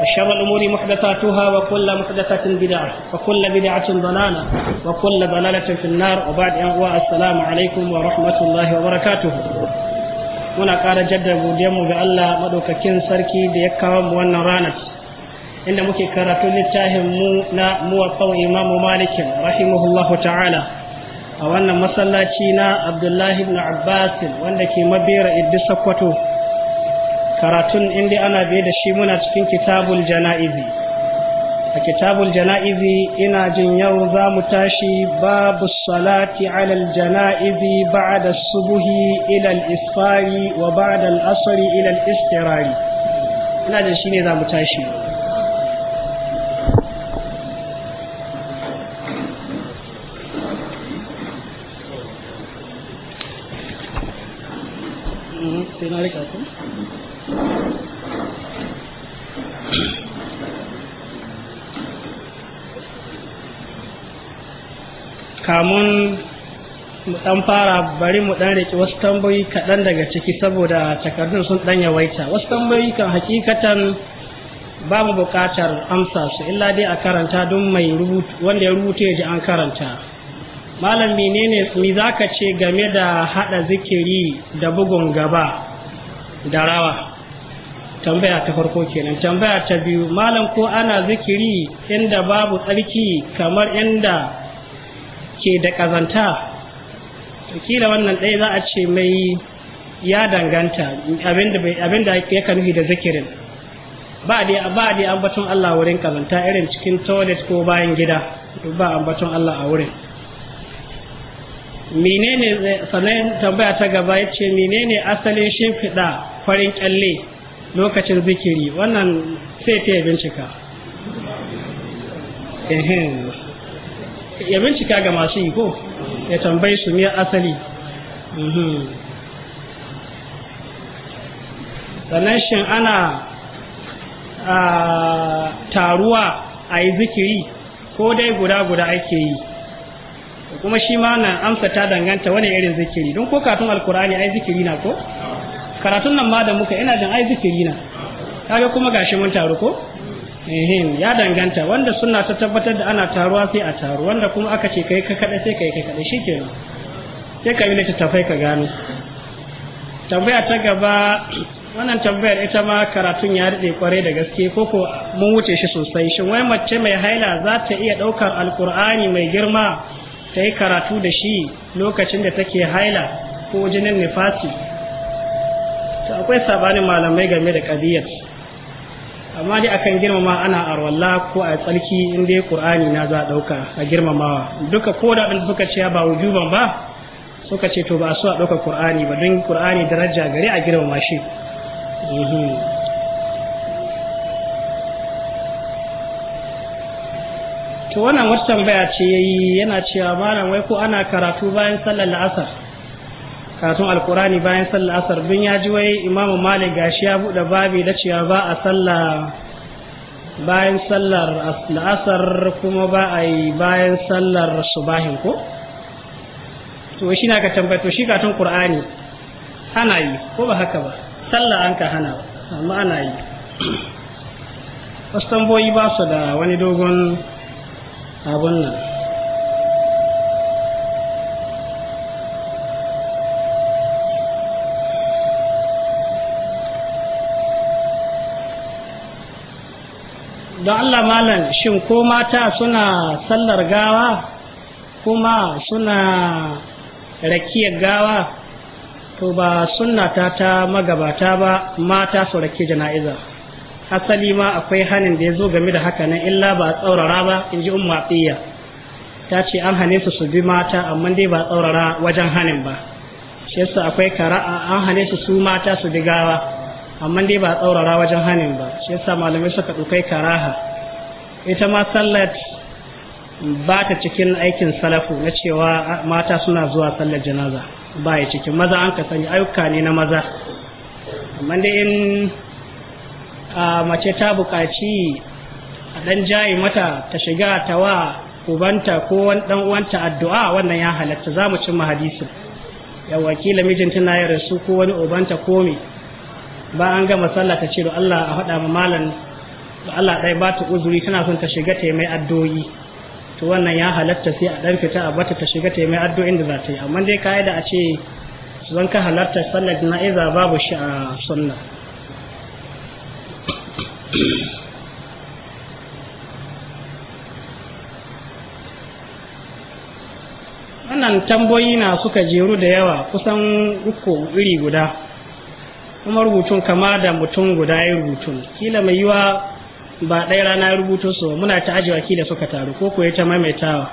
وشر الأمور محدثاتها وكل محدثة بدعة وكل بدعة ضلالة وكل ضلالة في النار وبعد أن السلام عليكم ورحمة الله وبركاته muna ƙara jaddada godiyarmu ga Allah maɗaukakin sarki da ya kawo mu wannan ranar inda muke karatu littafin mu na muwaffaq imamu malikin rahimahullahu ta'ala a wannan masallaci na abdullahi ibn abbas wanda ke mabera iddi sakwato. karatun inda ana biye da shi muna cikin kitabul jana'izi a kitabul jana'izi ina jin yau za mu tashi babu salati alal jana'izi ba'da subuhi ila al-isfari wa ba'da al-asri ila al-istirari ina jin shine za mu tashi kamun mu dan fara bari mu dan riki wasu tambayoyi kaɗan daga ciki saboda takardun sun dan yawaita wasu tambayoyi kan hakikatan ba mu buƙatar amsa su illa dai a karanta don mai wanda ya rubuta ya ji an karanta malam menene mi zaka ce game da hada zikiri da bugun gaba da rawa tambaya ta farko kenan tambaya ta biyu malam ko ana zikiri inda babu tsarki kamar inda ke da ƙazanta kila wannan ɗaya za a ce mai ya danganta abinda ya ka nufi da zikirin ba a ba da ambaton Allah wurin ƙazanta irin cikin toilet ko bayan gida ba ambaton Allah a wurin menene sannan tambaya ta gaba ya ce menene asalin shimfiɗa farin kyalle lokacin zikiri wannan sai ta yi bincika ya bincika ga masu yi ko ya tambayi su ne asali mhm. sannan shin ana taruwa a yi zikiri ko dai guda-guda ake yi kuma shi ma na amsa ta danganta wani irin zikiri don ko katun alkur'ani ai zikiri na ko karatun nan ma da muka ina jin ai zikiri na kaga kuma gashi mun taru ko ehin ya danganta wanda suna ta tabbatar da ana taruwa sai a taru wanda kuma aka ce kai ka kaɗai sai kai ka kaɗai shikenan sai ka yi littattafai ka gano tambaya ta gaba wannan tambayar ita ma karatun ya daɗe kwarai da gaske ko ko mun wuce shi sosai shin wai mace mai haila za ta iya ɗaukar alkur'ani mai girma ta yi karatu da shi lokacin da take haila ko jinin nifasi akwai sabanin malamai game da ƙabiyar amma dai akan girmama ana a arwalla ko a tsarki in dai qur'ani na za a dauka a girmamawa duka ko da suka ce ba wujuban ba suka ce to ba a so a dauka qur'ani ba don qur'ani daraja gare a girmama shi mhm. to wannan wata tambaya ce yayi yana cewa malam wai ko ana karatu bayan sallar la'asar karatun alkurani bayan sallah asar bin ya ji wai imamu malik gashi ya buɗe babi da cewa ba a sallah bayan sallar asar kuma ba a yi bayan sallar subahin ko to shi na ka tambaye to shi karatun qur'ani ana yi ko ba haka ba sallah an ka hana ba amma ana yi wasu tamboyi ba su da wani dogon abun nan don Allah malam shin ko mata suna sallar gawa kuma suna rakiyar gawa to ba suna ta ta magabata ba mata su rake jana'iza asali ma akwai hanin da ya zo game da haka nan illa ba a tsaurara ba in ji umma ta ce an hane su su bi mata amma dai ba a tsaurara wajen hanin ba shi yasa akwai kara'a an hane su su mata su bi gawa amma dai ba a tsaurara wajen hanin ba shi yasa malamai suka ɗaukai karaha ita ma sallat ba ta cikin aikin salafu na cewa mata suna zuwa sallar janaza ba ya cikin maza an ka sanya ayyuka ne na maza amma dai in a mace ta buƙaci a ɗan jayi mata ta shiga ta wa ubanta ko ɗan uwanta addu'a wannan ya halatta za mu cimma hadisi yawa kila mijin tana ya rasu ko wani ubanta ko ba an gama sallah ta ce Allah a faɗa ma malam da Allah ɗaya ba ta uzuri tana son ta shiga ta mai addu'o'i to wannan ya halatta sai a ɗan fita a bata ta shiga ta mai addu'o'in da za ta yi amma dai ka'ida a ce zan ka halarta sallar jana'iza babu shi a sunna wannan tamboyi na suka jeru da yawa kusan uku iri guda kuma rubutun kama da mutum guda ya rubutun kila mai yiwa ba ɗaya rana ya rubuto su muna ta ajiyewa kila suka taru ko kuwa ya ta maimaitawa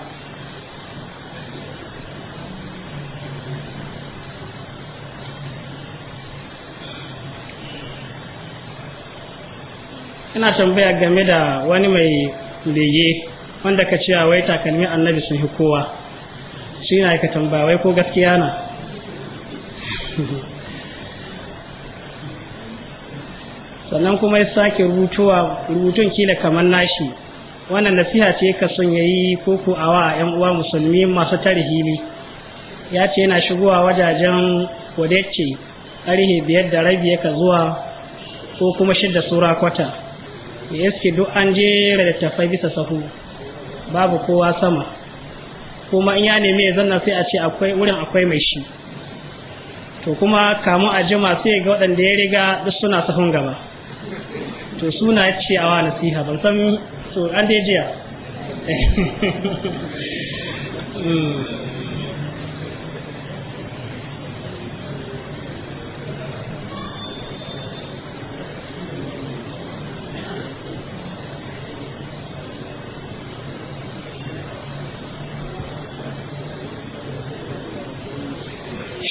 ina tambaya game da wani mai bege wanda ka cewa wai takalmi annabi sun fi kowa shi na ka tambaya wai ko gaskiya na sannan kuma ya sake rubutuwa rubutun kila kamar nashi wannan nasiha ce ka son yayi koko awa yan uwa musulmi masu tarihili. ya ce yana shigowa wajajen wadacce tarihi biyar da rabi ka zuwa ko kuma shidda sura kwata ya yaske duk an jera littattafai bisa sahu babu kowa sama kuma in ya nemi ya zanna sai a ce akwai wurin akwai mai shi to kuma kamu a jima sai ga waɗanda ya riga duk suna sahun gaba to suna ce awa nasiha ban san so an dai jiya hmm.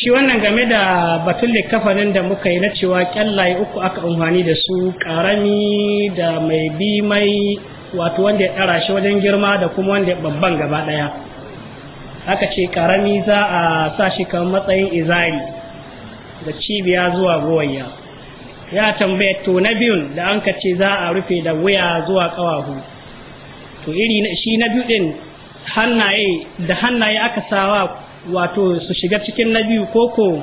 shi wannan game da batun likafanin da muka yi na cewa kyallaye uku aka amfani da su karami da mai bi mai wato wanda ya ɗara shi wajen girma da kuma wanda ya babban gaba ɗaya aka ce karami za a sa shi kamar matsayin izari da cibiya zuwa goyya ya tambaya to na biyun da an ka ce za a rufe da wuya zuwa ƙawahu to iri shi na biyu hannaye da hannaye aka sawa wato su shiga cikin na biyu koko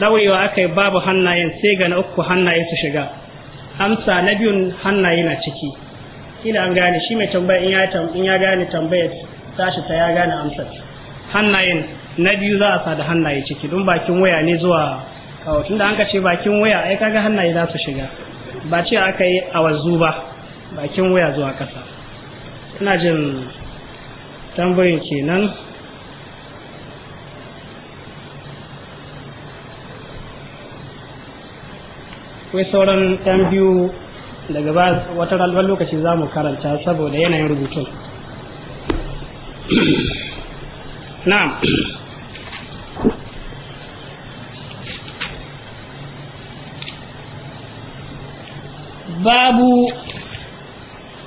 daurewa aka yi babu hannayen sai ga na uku hannaye su shiga amsa na biyun hannaye na ciki ina an gane shi mai tambaya in ya gane tambayar tashi ta ya gane amsar hannayen na biyu za a sa da hannaye ciki don bakin waya ne zuwa kawo tunda an ka ce bakin waya ai kaga hannaye za su shiga ba ce aka yi a wazu ba bakin waya zuwa kasa ina jin tambayin kenan akwai sauran 'yan biyu daga ba wata ranar lokaci za mu karanta saboda yanayin rubutun na babu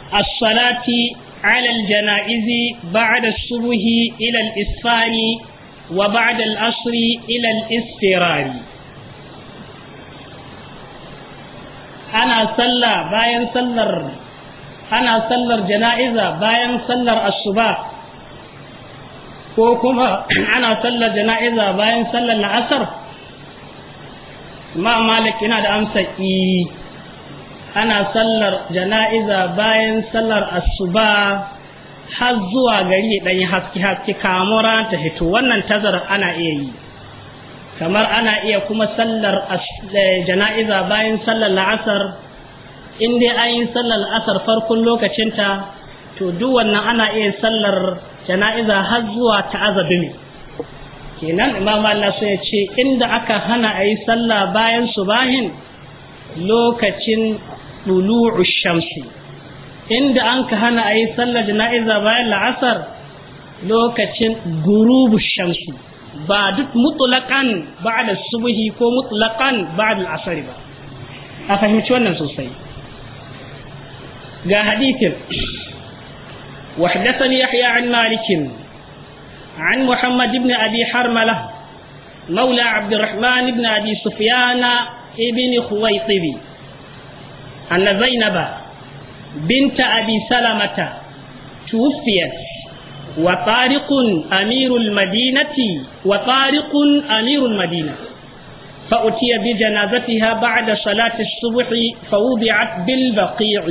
assalati alal jana'izi ba'da subuhi ilal al-isfani wa ba'da al-asri ila istirari ana sallah bayan sallar ana sallar jana'iza bayan sallar asuba ko kuma ana sallar jana'iza bayan sallar la'asar ma malik yana da amsa i e, ana sallar jana'iza bayan sallar asuba har zuwa gari ɗanyi haske haske kamura ta hito wannan tazar ana iya yi kamar ana iya kuma sallar eh, jana'iza bayan sallar la'asar in dai an yi sallar la'asar farkon lokacinta to duk wannan ana iya sallar jana'iza har zuwa azabi ne kenan imam Allah ya ce inda aka hana a yi sallah bayan subahin lokacin ɗulu'u shamsi inda an ka hana a yi sallar jana'iza bayan la'asar lokacin gurubu shamsi ba duk mutlaqan ba'da subhi ko mutlaqan ba'da asr ba a fahimci wannan sosai ga hadithin وحدثني يحيى عن مالك عن محمد بن أبي حرملة مولى عبد الرحمن بن أبي سفيان ابن خويطبي أن زينب بنت أبي سلمة توفيت وطارق أمير المدينة وطارق أمير المدينة فأتي بجنازتها بعد صلاة الصبح فوضعت بالبقيع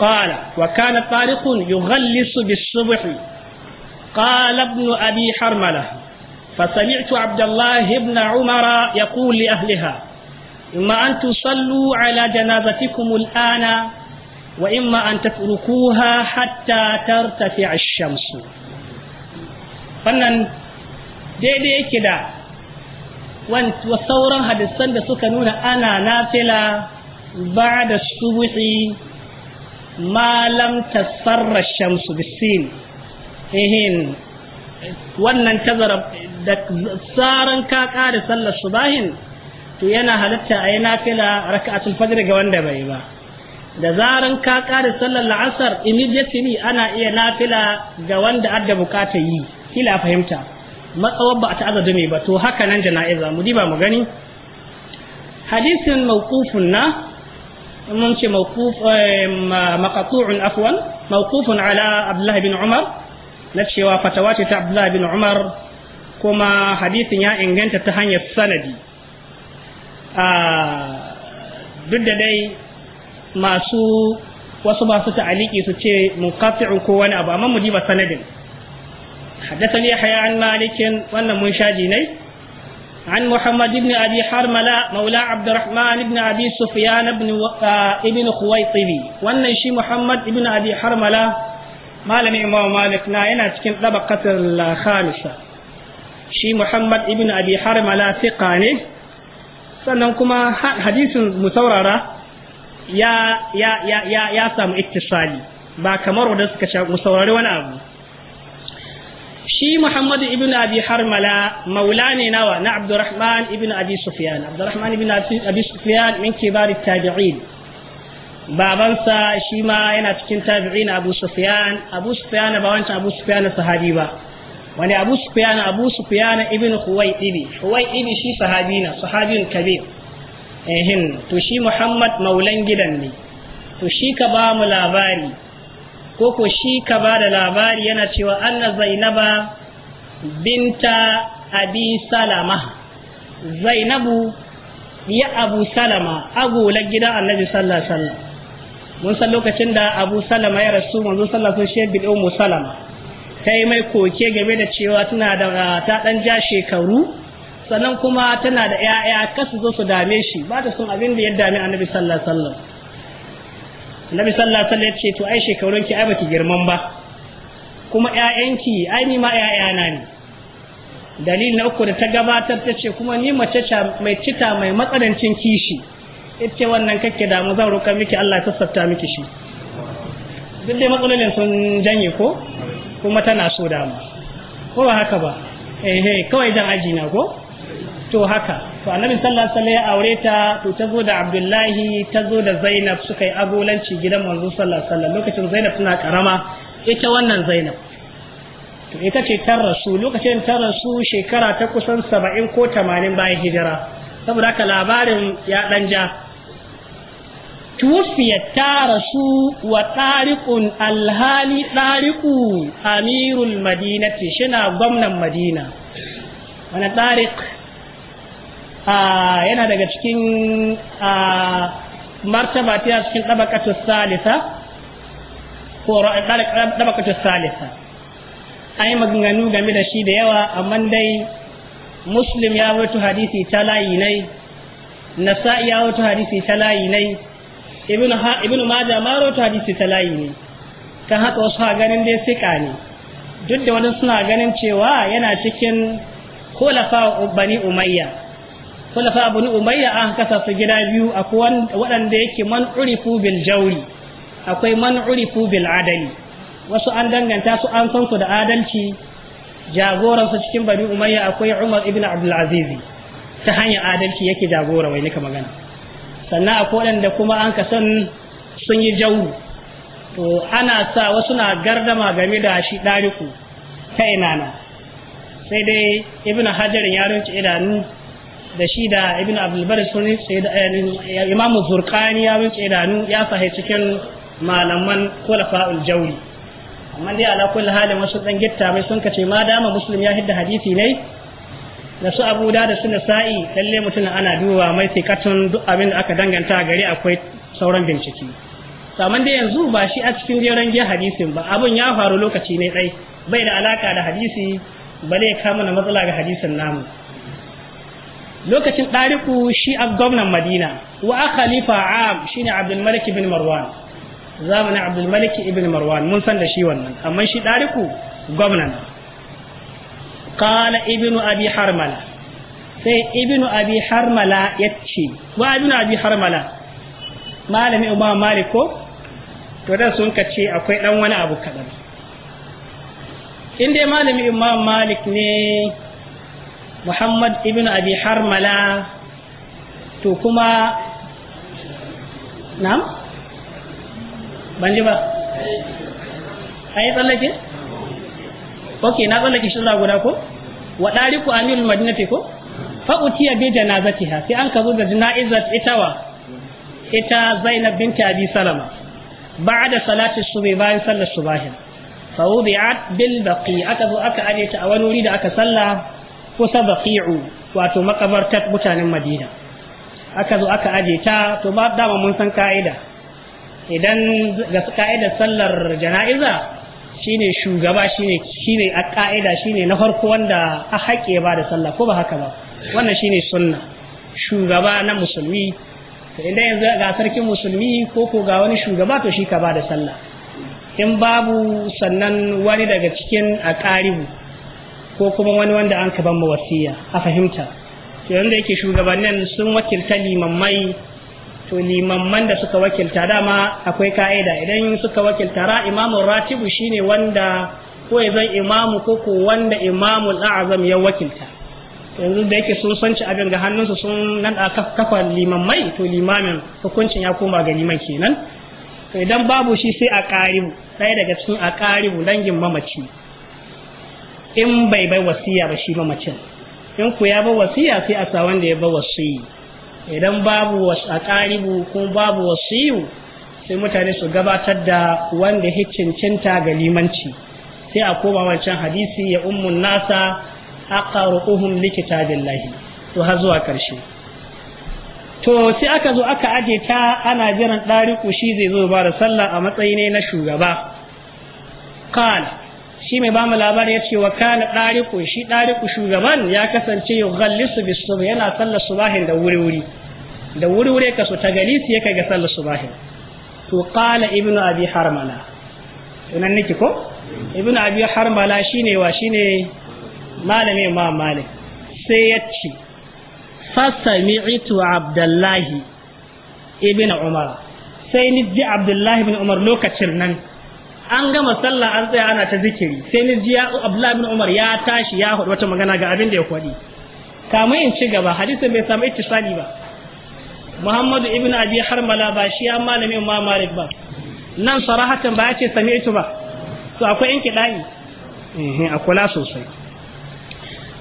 قال وكان طارق يغلس بالصبح قال ابن أبي حرملة فسمعت عبد الله بن عمر يقول لأهلها ما أن تصلوا على جنازتكم الآن wa imma an tatrukuha hatta tartafi ash-shamsu wannan daidai yake da wa sauran hadisan da suka nuna ana nafila ba'da subuhi ma lam tasarra shamsu bisin ehin wannan tazara da tsaran ka kare sallar subahin to yana halatta a yi nafila tun fajr daga wanda bai ba da zaran ka kare sallar la'asar immediately ana iya nafila ga wanda adda bukata yi kila fahimta matsawar ba ta azadu ne ba to haka nan jana'iza mu diba mu gani hadisin mawqufun na mun ce mawquf eh, afuwan afwan mawqufun ala abdullahi bin umar na cewa fatawa ce ta abdullahi bin umar kuma hadisin ya inganta ta hanyar sanadi ah, duk da dai masu wasu masu ta'aliki su ce munqati'u ko wani abu amma mu diba sanadin حدثني يحيى عن مالك وانا منشاجيني عن محمد بن ابي حرمله مولى عبد الرحمن بن ابي سفيان بن و... آ... ابن خويطبي وانا شي محمد بن ابي حرمله مالم امام مالك نا ينا cikin طبقه الخامسه شي محمد بن ابي حرمله ثقه ne sannan kuma hadisin mu saurara ya ya ya ya samu ittisali ba kamar wanda suka sha saurari wani abu shi Muhammad ibn Abi Harmala maula ne nawa na Abdurrahman ibn Abi Sufyan Abdurrahman ibn Abi Sufyan min kibar tabi'in babansa shi ma yana cikin tabi'in Abu Sufyan Abu Sufyan ba wancan Abu Sufyan sahabi ba wani Abu Sufyan Abu Sufyan ibn Huwaydibi Huwaydibi shi sahabi na sahabin kabir ehin to shi muhammad maulan gidan ne to shi ka ba mu labari ko ko shi ka ba da labari yana cewa anna zainaba binta abi salama zainabu ya abu salama agolar gidan annabi sallallahu alaihi wasallam mun san lokacin da abu salama ya rasu manzo sallallahu alaihi wasallam bid'u mu Salama. kai mai koke game da cewa tana da ta dan ja shekaru sannan kuma tana da ‘ya'ya kasu zo su dame shi ba ta son abin da ya dame annabi sallallahu alaihi wasallam annabi sallallahu alaihi wasallam ya ce to ai shekarun ki ai baki girman ba kuma ‘ya'yanki ai ni ma ‘ya'yana ne Dalil na uku da ta gabatar ta ce kuma ni mace mai cita mai matsanancin kishi ita wannan kake damu zan roƙa miki Allah ya sassafta miki shi duk dai matsalolin sun janye ko kuma tana so damu ko ba haka ba eh, eh kawai jan aji na ko to haka to annabi sallallahu alaihi wasallam ya aure ta to ta zo da abdullahi ta zo da zainab suka yi abulanci gidan manzo sallallahu alaihi wasallam lokacin zainab tana karama ita wannan zainab to ita ce ta rasu lokacin ta rasu shekara ta kusan saba'in ko tamanin bayan hijira saboda haka labarin ya dan ja Tufiya ta rasu wa tariqun alhali tariqu amirul madinati shina gwamnan madina wani tarik Ah, yana daga cikin ah, martaba ta cikin dabaqatu salisa ko dabaqatu salisa maganganu game da shi da yawa amma dai muslim ya wato hadisi ta layi nai nasa'i ya wato hadisi ta layi nai Ibn ibnu ma wato hadisi ta layi ne kan haka wasu ha ganin dai sika ne duk da wani suna ganin cewa yana cikin khulafa bani umayya abu ni umayya an kasa su gida biyu akwai waɗanda yake man urifu bil jawri akwai man urifu bil adali wasu an danganta su an san su da adalci jagoran su cikin bani umayya akwai umar ibn abdul aziz ta hanyar adalci yake jagora wai nika magana sannan akwai waɗanda kuma an kasan sun yi jawu to ana sa wasu na gardama game da shi ɗariku ta na sai dai ibn hajarin ya rinci idanu da shi da ibn abdulbar sun rintse da eh, imam zurkani ya wuce da nu ya sahi cikin malaman kulafa'ul amma dai ala kulli halin wasu dan gitta mai sun kace ma dama muslim ya hidda hadisi ne da su abu da su sa'i lalle mutum ana duba mai sai katon duk abin da aka danganta gari akwai sauran bincike amma dai yanzu ba shi a cikin jeran ge hadisin ba abun ya faru lokaci ne dai bai da alaka da hadisi bale kama na matsala ga hadisin namu lokacin ɗariku shi a gwamnan madina wa a khalifa am shi ne abdulmalik ibn marwan zamanin abdulmalik ibn marwan mun san da shi wannan amma shi ɗariku gwamnan kala ibn abi harmala sai ibn abi harmala ya ce wa ibn abi harmala malami umar maliko to da sun ka ce akwai ɗan wani abu kaɗan in dai malami imam malik ne muhammad ibn abi harmala to kuma na'am ban ji na tsallake shi guda ko wa ita zainab binti abi ba'da salati subhi bayan sallar aka ta a da aka kusa fi'u wato makabartar mutanen madina aka zo aka aje ta to ba dama mun san ka'ida idan ga ka'idar sallar jana'iza shine shugaba shine shine a ka'ida shine na farko wanda a haƙe ba da sallah ko ba haka ba wannan shine sunna shugaba na musulmi to idan yanzu ga sarkin musulmi ko ko ga wani shugaba to shi ka ba da sallah in babu sannan wani daga cikin a ƙaribu ko kuma wani wanda an ka ma wasiya a fahimta to yanda yake shugabannin sun wakilta mai to man da suka wakilta dama akwai ka'ida idan suka wakilta ra imamu ratibu shine wanda ko ya zai imamu ko ko wanda imamu azam ya wakilta yanzu da yake sun sanci abin ga hannunsu sun nan a kafa mai to limamin hukuncin ya koma ga liman kenan to idan babu shi sai a ƙaribu ɗaya daga cikin a ƙaribu dangin mamaci in bai bai wasiya ba shi mamacin in ku ya ba wasiya sai a sa wanda ya ba wasiyu idan babu a ƙaribu kuma babu wasiyu sai mutane su gabatar da wanda ya cincinta ga limanci sai a koma wancan hadisi ya ummun nasa aqaruhum lahi. to har zuwa karshe to sai aka zo aka aje ta ana jiran ɗariku shi zai zo ba da sallah a matsayi ne na shugaba qala shi mai bamu labarin ya ce wa kana ɗariku shi ɗariku shugaban ya kasance ya gallisu bisu yana sallar subahin da wuri-wuri da wuri-wuri ka su ta galisi ya kai ga sallar subahin to qala ibnu abi harmala tunan niki ko ibnu abi harmala shine wa shine malami ma malik sai ya ce fasami'tu abdullahi ibnu umar sai ni ji abdullahi ibn umar lokacin nan an gama sallah an tsaya ana ta zikiri sai ni ji abdullahi bin Umar ya tashi ya hudu wata magana ga abin da ya kwadi kamar in ci gaba hadisin bai samu ittisali ba Muhammadu ibn Abi Harmala ba shi ya malamin ma Malik ba nan sarahatan ba ya ce sami'tu ba to akwai in kidai eh a kula sosai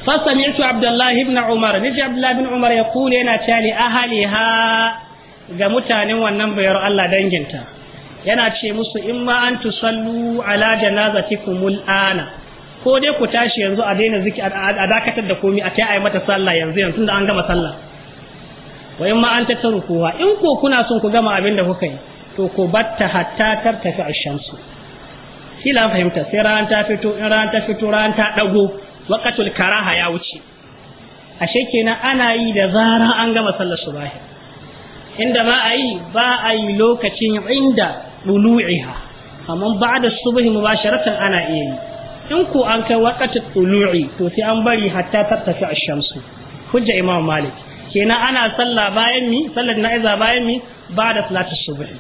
fa sami'tu abdullahi ibn Umar ni Abdullahi Abdullah ibn Umar ya kula yana cewa ahali ha ga mutanen wannan bayar Allah danginta yana ce musu in ma an tusallu ala janazatikum al'ana ko dai ku tashi yanzu a daina ziki a dakatar da komai a kai ayi mata sallah yanzu yanzu tunda an gama sallah wa in ma an tattarukuha in ko kuna son ku gama abin da kuka yi to ku batta hatta tartafi ash-shamsu kila fahimta sai ran ta fito in ran ta fito ran ta dago waqatul karaha ya wuce ashe kenan ana yi da zara an gama sallar subahi inda ba a yi ba a yi lokacin inda ɗulu'iha amma ba da subuhi mubasharatan ana iya yi in ku an kai wakati ɗulu'i to sai an bari hatta tattafi a shamsu hujja imam malik kenan ana sallah bayan mi sallar na'iza bayan mi ba da salatu subuhi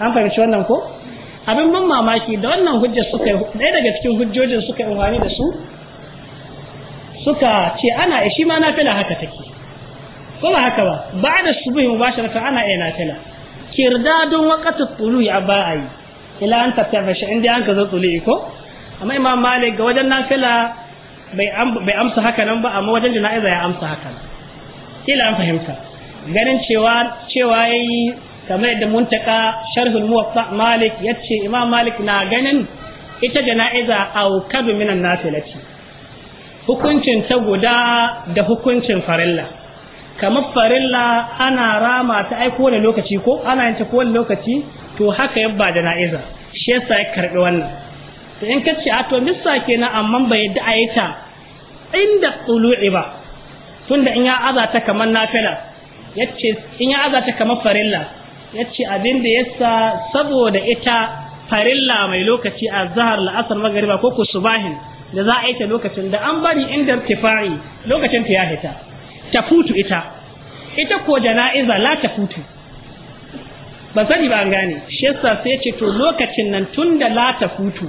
an fahimci wannan ko abin ban mamaki da wannan hujja suka yi ɗaya daga cikin hujjojin suka yi wani da su suka ce ana shi ma na fila haka take ko ba haka ba ba da subuhi mubasharatan ana iya na kirdadun waqatu tulu ya ba yi. ila an tafiya shi inda an ka zo tulu ko amma imam malik ga wajen nafila bai amsa haka nan ba amma wajen jana'iza ya amsa haka Ila an fahimta ganin cewa cewa yayi kamar yadda muntaka sharhul muwatta malik yace imam malik na ganin ita jana'iza aukabu minan nafilati hukuncin ta guda da hukuncin farilla kamar farilla ana rama ta ai kowane lokaci ko ana yin ta kowane lokaci to haka yabba da na'iza shi yasa ya karbi wannan to in kace a to missa kenan amma bai yadda a yi ta inda tsulu'i ba tunda in ya azata kamar nafila yace in ya azata kamar farilla yace abin da yasa saboda ita farilla mai lokaci a zahar la'asar magariba ko ku subahin da za a yi ta lokacin da an bari inda irtifa'i lokacin ta ya hita tafutu ita ita ko jana'iza la tafutu ba sani ba an gane shi yasa sai ce to lokacin nan tunda la tafutu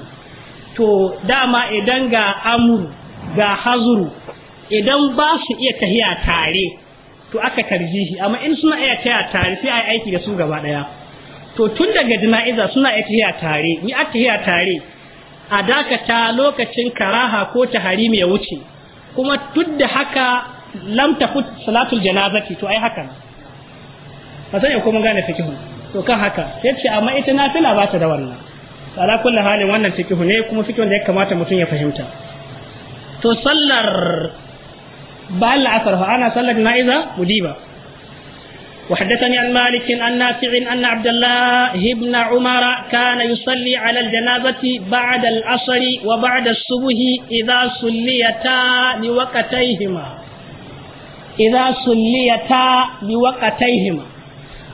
to dama idan ga amuru ga hazuru idan ba su iya tahiya tare to aka karji shi amma in suna iya tahiya tare sai a yi aiki da su gaba daya to tun daga jana'iza suna iya tahiya tare ni a tahiya tare a dakata lokacin karaha ko ta harimi ya wuce kuma duk da haka lam tafut salatul janazati to ai haka ba sai kuma mun gane fikihu to kan haka sai ce amma ita nafila ba ta da wannan ala kulli halin wannan fikihu ne kuma fikihun wanda ya kamata mutum ya fahimta to sallar ba la'asar fa ana sallar na'iza mudiba وحدثني عن مالك عن نافع أن عبد الله بن عمر كان يصلي على الجنازة بعد العصر وبعد الصبح إذا صليتا لوقتيهما idza sulliyata biwaqataihima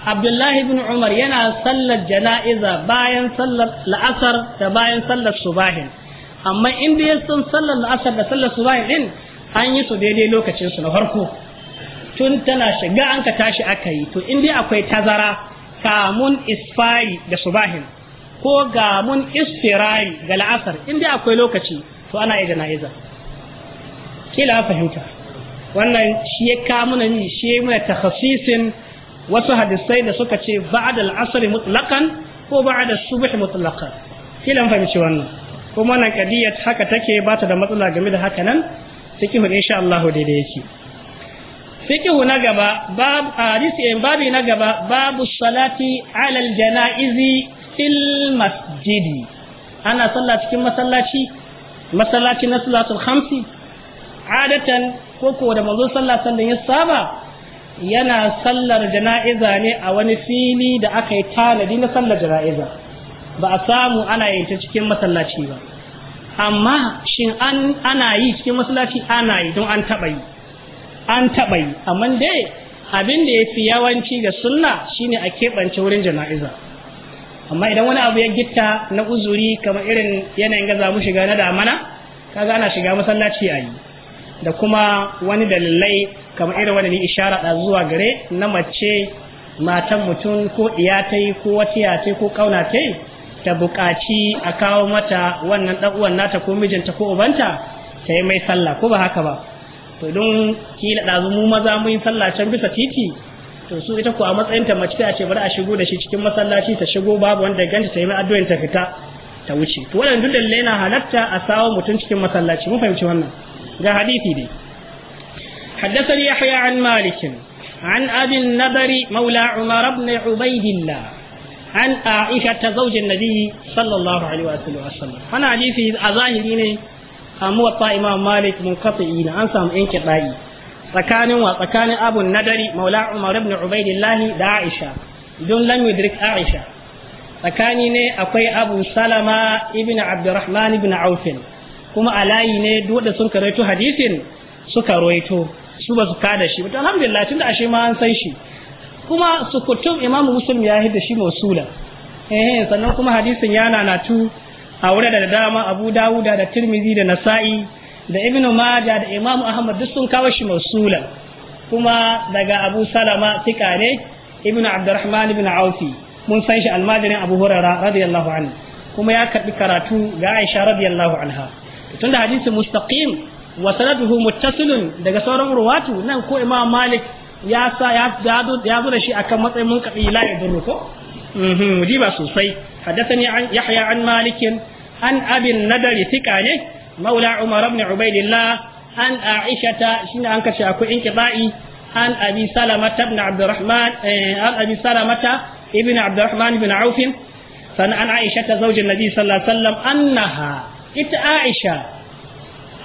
Abdullahi ibn Umar yana sallar jana'iza bayan sallar la'asar da bayan sallar subahin amma in dai sallar la'asar da sallar subahin ɗin an yi su daidai lokacin na farko tun tana shiga an ka tashi akayi. to in dai akwai tazara kamun isfari da subahin ko ga mun istirari ga la'asar in dai akwai lokaci to ana yi jana'iza kila fahimta wannan shi ya kawo mana ni shi ya mana takhasisin wasu hadisai da suka ce ba'da al-asr mutlaqan ko ba'da subh mutlaqan kilan fahimci wannan kuma nan kadiyat haka take ba ta da matsala game da haka nan fiqhu insha Allah daidai yake fiqhu na gaba bab hadisi in eh, babi na gaba babu salati ala al-janaizi fil masjidi ana sallah cikin masallaci masallaci na salatul khamsi adatan ko ko da manzon sallah sallan ya saba yana sallar jana'iza ne a wani fili da aka yi tanadi na sallar jana'iza ba a samu ana yin ta cikin masallaci ba amma shin an ana yi cikin masallaci ana yi don an taɓa yi an taɓa yi amma dai abin da ya fi yawanci ga sunna shine a keɓance wurin jana'iza amma idan wani abu ya gitta na uzuri kamar irin yanayin gaza mu shiga na damana kaga ana shiga masallaci ayi. da kuma wani dalilai kamar irin wani ishara da zuwa gare na mace matan mutum ko yi, ko yi, ko kauna ta yi, ta buƙaci a kawo mata wannan ɗan nata ko mijinta ko ubanta ta yi mai sallah ko ba haka ba to don kila ɗazu mu maza mu yi sallah can bisa titi to su ita ko a matsayin ta mace ta ce bari a shigo da shi cikin masallaci ta shigo babu wanda ganta ta yi mai addu'in ta fita ta wuce to wannan duk dalilai na halatta a sawo mutum cikin masallaci mun fahimci wannan ga hadisi dai حدثني يحيى عن مالك عن أبي النبر مولى عمر بن عبيد الله عن عائشة زوج النبي صلى الله عليه وسلم أنا حديثي أظاهرين موطأ إمام مالك منقطعين أنسى انقطاعي tsakanin wa tsakanin abun nadari maula umar ibn ubaidillahi da aisha don lam yudrik aisha tsakani ne akwai abu salama ibn abdurrahman ibn aufin kuma a layi ne duk da sun karaito hadisin suka roito su ba su kada shi wato alhamdulillah tunda ashe ma an san shi kuma kutum Imam muslim ya hidda shi mausula eh sannan kuma hadisin ya nanatu a wurare da dama abu Dawud, da tirmizi da nasa'i da ibnu majah da Imam ahmad duk sun kawo shi mausula kuma daga abu salama tika ne ibnu abdurrahman ibn aufi mun san shi almajirin abu hurara radiyallahu anhu kuma ya karbi karatu ga aisha radiyallahu anha tunda hadisi mustaqim wa sanaduhu muttasilun daga sauran ruwatu nan ko imam malik ya sa ya zo ya zo da shi akan matsayin mun kabi la ya duru ko mhm diba sosai haddathani an yahya an malik an abin nadari tika ne maula umar ibn ubaidillah an aishata shine an kace akwai inqibai an abi salamata ibn abdurrahman eh, an abi salamata ibn abdurrahman ibn auf sana an aishata zawjin nabi sallallahu alaihi wasallam annaha ita Aisha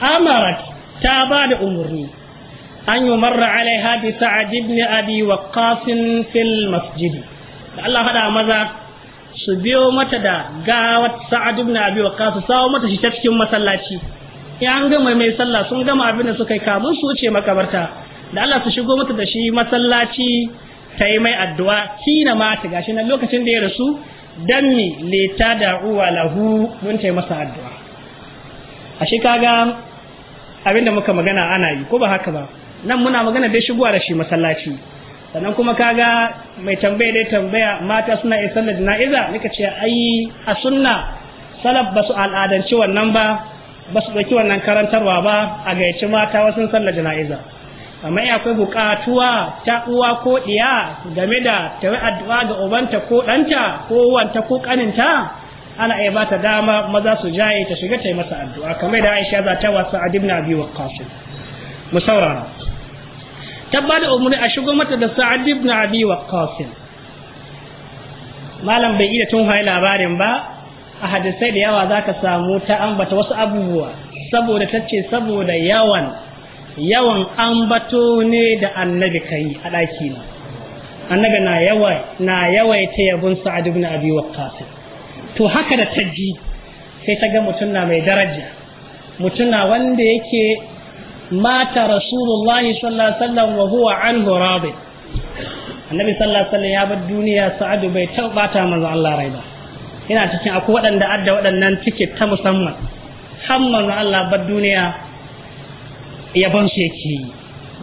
amarat ta ba da umarni an yi marra alaiha bi sa'ad ibn abi waqqas fil masjid Allah faɗa maza su biyo mata da gawat sa'ad ibn abi waqqas su sawo mata shi cikin masallaci in an gama mai sallah sun gama abin da suka yi kamun su wuce makabarta da Allah su shigo mata da shi masallaci ta yi mai addu'a kina ma ta gashi na lokacin da ya rasu dan mi leta da uwa lahu mun ta yi masa addu'a ashe kaga abinda muka magana ana yi ko ba haka ba nan muna magana dai shigowa da shi masallaci sannan kuma kaga mai tambaya dai tambaya mata suna iya sallar jana'iza nika ce ai a sunna salaf basu su al'adanci wannan ba ba su ɗauki wannan karantarwa ba a gayyaci mata wasu sallar jana'iza amma ya akwai buƙatuwa ta uwa ko ɗiya game da ta addu'a ga ubanta ko ɗanta ko wanta ko ƙaninta ana iya ba ta dama maza su jaye ta shiga ta yi masa addu'a kamar da Aisha za ta wasa a dimna biyu wa mu saurara tabbada umuri a shigo mata da sa'ad ibn abi waqqas malam bai iya tun hayi labarin ba a hadisai da yawa za ka samu ta ambata wasu abubuwa saboda ta ce saboda yawan yawan ambato ne da annabi kai a ɗaki na annabi na yawai na yawaita yabun sa'ad ibn abi to haka da ta ji sai ta ga mutum na mai daraja mutum na wanda yake mata rasulullahi sallallahu alaihi wasallam wa huwa anhu radi annabi sallallahu alaihi wasallam ya bar duniya sa'adu bai tabbata manzo Allah rai ba Ina cikin akwai waɗanda adda waɗannan ticket ta musamman har manzo Allah bar duniya ya ban su yake yi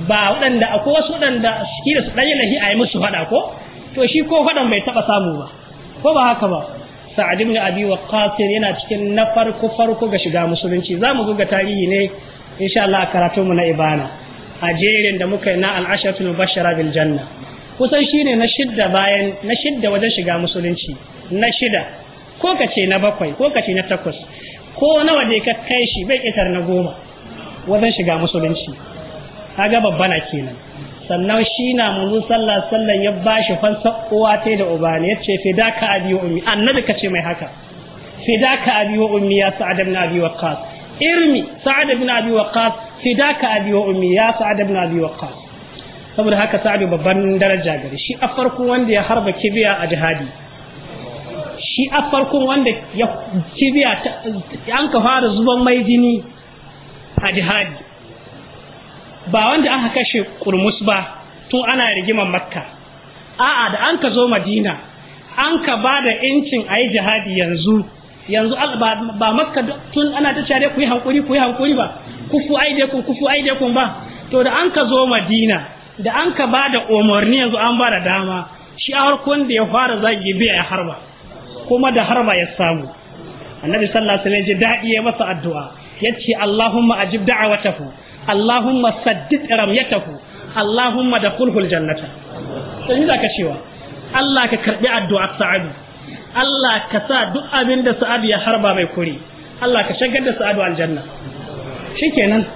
ba waɗanda akwai wasu waɗanda su da su ɗanyi lahi a yi musu faɗa ko to shi ko faɗan bai taɓa samu ba ko ba haka ba sa'ad ibn abi waqqas yana cikin na farko farko ga shiga musulunci za mu buga tarihi ne insha Allah karatu mu na ibana a jerin da muka yi na al-ashratul mubashshara bil janna kusan shine na shidda bayan na shidda wajen shiga musulunci na shida ko kace na bakwai ko kace na takwas ko nawa da ka kai shi bai kitar na goma wajen shiga musulunci kaga babbana kenan sannan shi na manzo sallah sallan ya bashi fansa uwa ta da uba ne fida ka abi wa ummi annabi ce mai haka ka abi wa ummi ya sa'ad ibn abi waqqas irmi sa'ad ibn abi waqqas ka abi wa ummi ya sa'ad ibn abi waqqas saboda haka sa'ad babban daraja gare shi a farkon wanda ya harba kibiya a jihadi shi a farkon wanda ya kibiya an ka fara zuban mai jini a jihadi ba wanda aka kashe kurmus ba to ana rigiman makka a'a da an ka zo madina an ka ba da incin a yi jihadi yanzu yanzu ba makka tun ana ta care ku yi hankuri ku yi hankuri ba kufu aidekun kufu aidekun ba to da an ka zo madina da an ka ba da umarni yanzu an ba da dama shi a harkon da ya fara zagi biya ya harba kuma da harba ya samu annabi sallallahu alaihi wasallam ya ji daɗi ya masa addu'a yace allahumma ajib da'awatahu Allahumma saddid ramyatahu Allahumma dakhulhu aljannata sai ni zaka cewa Allah ka karbi addu'a Sa'adu Allah ka sa duk abin da Sa'adu ya harba mai kuri Allah ka shagar da Sa'adu aljanna shikenan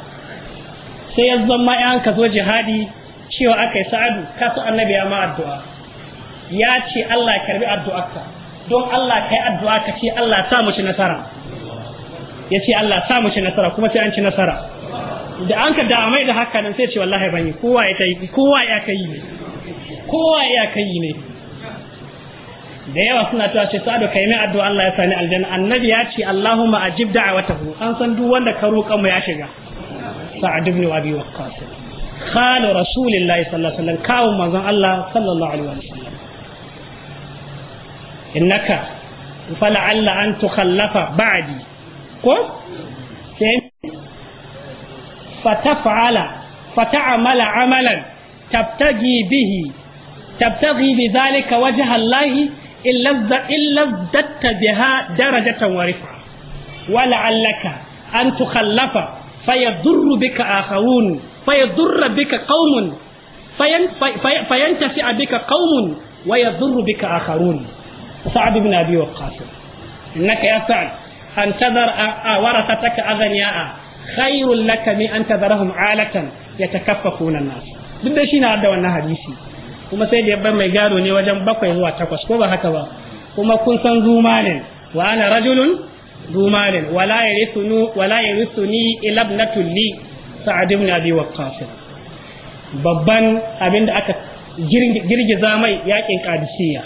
sai ya zama yan ka zo jihadi cewa akai Sa'adu ka so annabi ya ma addu'a ya ce Allah ya karbi addu'arka don Allah kai addu'a ka ce Allah ya sa mu ci nasara ya ce Allah ya sa mu ci nasara kuma sai an ci nasara da an ka damai da haka nan sai ce wallahi ban yi kowa ya yi kowa ya kai ne kowa ya kai ne da yawa suna cewa ce sa'adu kai mai addu'a Allah ya sani aljanna annabi ya ce Allahumma ajib da'awatahu an san duk wanda ka roƙa mu ya shiga sa'ad ibn abi waqqas khal rasulillahi sallallahu alaihi wasallam kawo manzon Allah sallallahu alaihi wasallam innaka fala'alla an tukhallafa ba'di ko sai فتفعل فتعمل عملا تبتغي به تبتغي بذلك وجه الله إلا ازددت بها درجة ورفعة ولعلك أن تخلف فيضر بك آخرون فيضر بك قوم فينتفع بك قوم ويضر بك آخرون سعد بن أبي وقاص إنك يا سعد أن تذر ورثتك أغنياء خير لك من أن تذرهم عالة يتكففون الناس duk da shi na da wannan hadisi kuma sai da yabban mai gado ne wajen bakwai zuwa takwas ko ba haka ba kuma kun san zumalin wa ana rajulun zumalin wala yarithuni ni ilab na tulli? Sa'adun sa'ad ibn abi waqqas babban abin da aka girgiza mai yakin kadisiya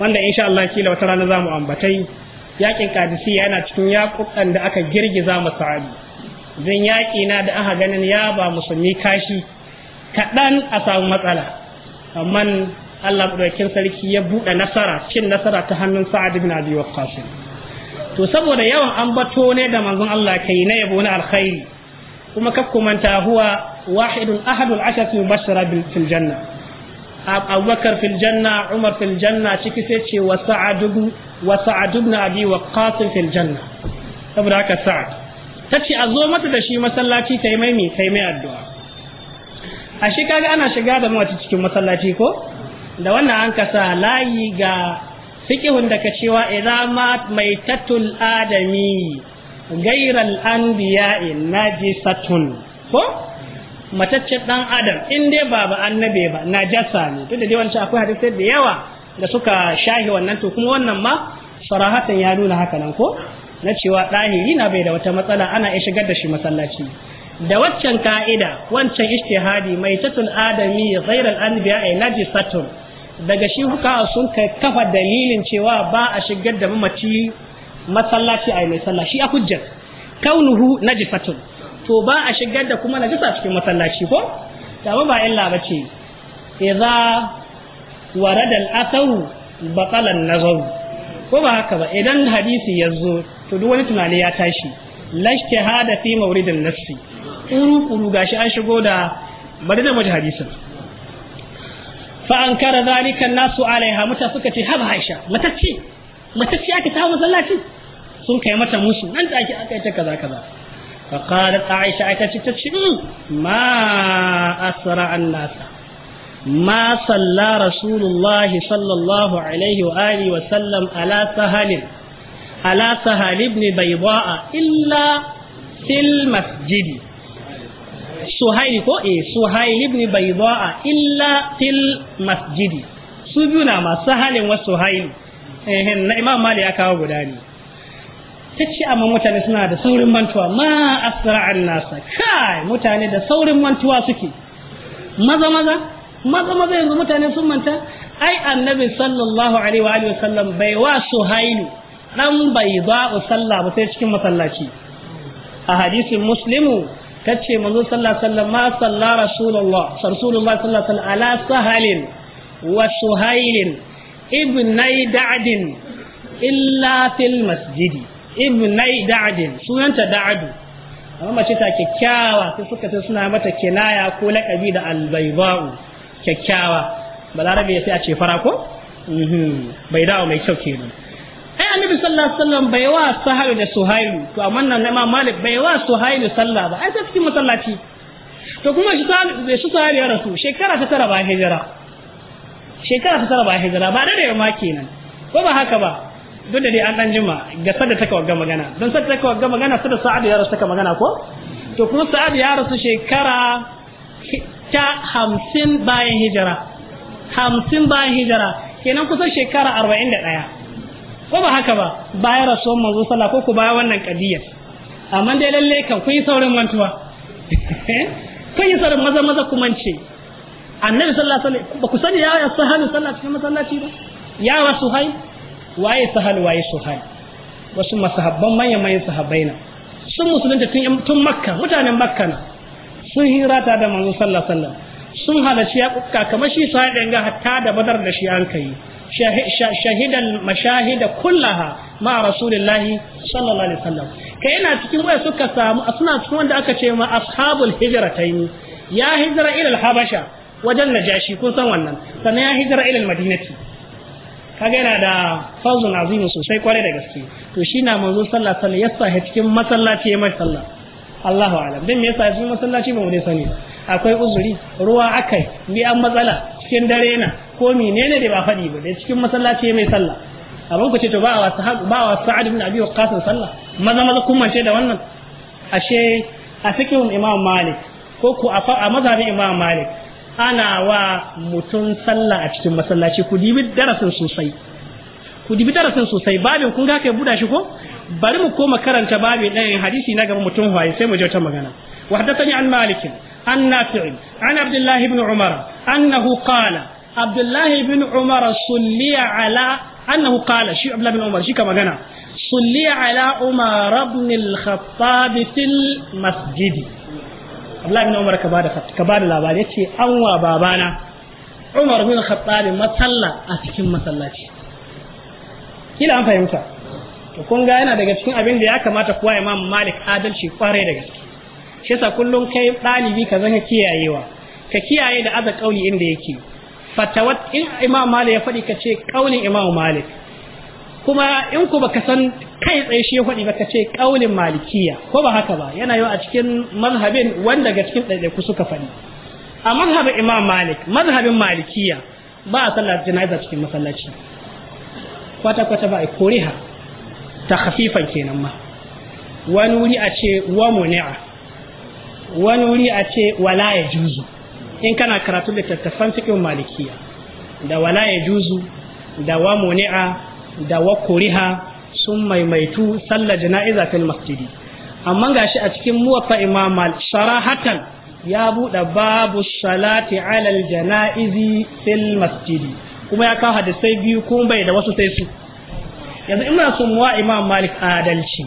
wanda insha Allah kila wata rana za mu ambatai yakin kadisiya yana cikin yakukan da aka girgiza masu sa'adi zan yaƙi na da aka ganin ya ba musulmi kashi kaɗan a samu matsala amma Allah ɗaukin sarki ya buɗe nasara cin nasara ta hannun sa'ad ibn abi waqqas to saboda yawan ambato ne da manzon Allah kai na yabo na alkhairi kuma ka kumanta huwa wahidun ahadul ashatu mubashshara fil janna abubakar fil janna umar fil janna ciki sai ce wa sa'ad ibn abi waqqas fil janna saboda haka sa'ad ta ce a zo mata da shi masallaci ta yi mai mai kai mai addu'a a shi kaga ana shiga da mawaci cikin masallaci ko da wannan an kasa layi ga fikihun da ka cewa idza ma maitatul adami na ji najisatun ko matacce dan adam in dai ba ba annabe ba na jasa ne duk da wancan akwai hadisai da yawa da suka shahi wannan to kuma wannan ma sarahatan ya nuna haka nan ko na cewa ɗahiri na bai da wata matsala ana iya shigar da shi masallaci da waccan ka'ida wancan ishtihadi mai tatul adami ghairal anbiya ay najisatun daga shi huka sun kai kafa dalilin cewa ba a shigar da mamaci masallaci ay mai sallah shi a hujjar kaunuhu najisatun to ba a shigar da kuma najisa cikin masallaci ko ta ba illa bace idza warada al-atharu baqala an-nazar ko ba haka ba idan hadisi yazo to duk wani tunani ya tashi lashke hada fi mauridin nafsi kuru kuru gashi an shigo da madina mace hadisin fa an kara zalika nasu alaiha muta suka ce haba aisha matacce ce aka ta masallaci sun kai mata musu nan da ake aka yi ta kaza kaza fa qalat aisha aka ce tace hmm, ma asra an nasa ما صلى رسول الله صلى الله عليه wa sallam ala sahalin. ala sahal ibn bayda'a illa fil masjid suhaili ko eh suhail ibn bayda'a illa fil masjid su biyu na masu halin wasu haili eh mali ya kawo guda ne ta ce amma mutane suna da saurin mantuwa ma asra'an nasa kai mutane da saurin mantuwa suke maza maza maza maza yanzu mutane sun manta ai annabi sallallahu alaihi wa bai wa suhailu dan bai ba sallah ba sai cikin masallaci a hadisin muslimu tace manzo sallallahu alaihi wasallam ma salla rasulullah rasulullah sallallahu alaihi wasallam ala sahalin wa suhailin ibnai da'din illa fil masjidi ibnai da'din sunanta da'du amma mace ta kyakkyawa sai suka ce suna mata kinaya ko lakabi da albaibau kyakkyawa balarabe sai a ce fara ko mhm. bai dawo mai kyau kenan ai annabi sallallahu alaihi wasallam bai wa sahalu da suhailu to amma nan imam malik bai wa suhailu sallah ba ai sai cikin masallaci to kuma shi sahalu shi sahalu ya rasu shekara ta tara ba hijira shekara ta tara ba hijira ba da ma kenan ko ba haka ba duk da dai an dan jima ga sadda ta kawar magana don sadda ta kawar magana sadda sa'ad ya rasu ta magana ko to kuma sa'ad ya rasu shekara ta hamsin bayan hijira hamsin bayan hijira kenan kusan shekara arba'in da ɗaya ko ba haka ba bayan rasuwan manzo sallah ko ku baya wannan kadiyar amma dai lalle kan kun yi saurin mantuwa kun yi saurin maza maza ku ce annabi sallallahu alaihi wasallam ba ku sani ya sahalu sallah cikin masallaci ba ya wa suhai waye sahal waye suhai wasu masahabban manyan manyan sahabbai na sun musulunta tun tun makka mutanen makka na sun hirata da manzo sallallahu alaihi wasallam sun halarci ya kuka kamar shi dan ga hatta da badar da shi an kai shahidan mashahida kullaha ma rasulillahi sallallahu alaihi wasallam kai yana cikin waya suka samu suna cikin wanda aka ce ma ashabul hijratayn ya hijra ila habasha wajen najashi kun san wannan sannan ya hijra ila al-madinati kaga yana da fawzun azimin sosai kwarai da gaske to shi na manzo sallallahu alaihi wasallam yasa cikin masallaci ya mai sallah Allahu a'lam dan me yasa cikin masallaci ba mu sani akwai uzuri ruwa akai bi an matsala cikin dare na ko menene da ba faɗi ba da cikin masallaci mai sallah abin ku ce to ba wa ba wa sa'ad ibn abi waqqas sallah maza maza kun mace da wannan ashe a cikin imam malik ko ku a mazhabin imam malik ana wa mutum sallah a cikin masallaci ku dibi darasin sosai ku dibi darasin sosai babin kun ga kai buda shi ko bari mu koma karanta babin ɗayan hadisi na gaba mutum waye sai mu je ta magana وحدثني عن an عن an nafi'in an Abdullahi بن Umar. annahu qala abdullahi bin umar sulliya ala annahu ala umar babana umar bin al fahimta to yana daga cikin abin ya kamata kuwa imam malik adalci kwarai da gaske shi kullum kai ɗalibi ka kiyayewa ka kiyaye da aza kauli inda yake fatawat in imam malik ya faɗi ka ce kaulin imam malik kuma in ku baka san kai tsaye shi ya faɗi ba ka ce kaulin malikiya ko ba haka ba yana yau a cikin mazhabin wanda ga cikin ɗaiɗaiku suka faɗi a mazhabin imam malik mazhabin malikiya ba a sallar jana'iza cikin masallaci kwata kwata ba a koriha ta hafifan kenan ma wani wuri a ce wa muni'a wani wuri a ce wala ya juzu in kana karatu littattafan cikin malikiya da wala ya juzu da wa muni'a da wa kuriha sun maimaitu sallar jana'iza fil masjidi amma gashi a cikin muwaffa imam sharahatan ya buɗe babu salati alal jana'izi fil masjidi kuma ya kawo hadisai biyu kuma bai da wasu sai su yanzu ina sun wa imam malik adalci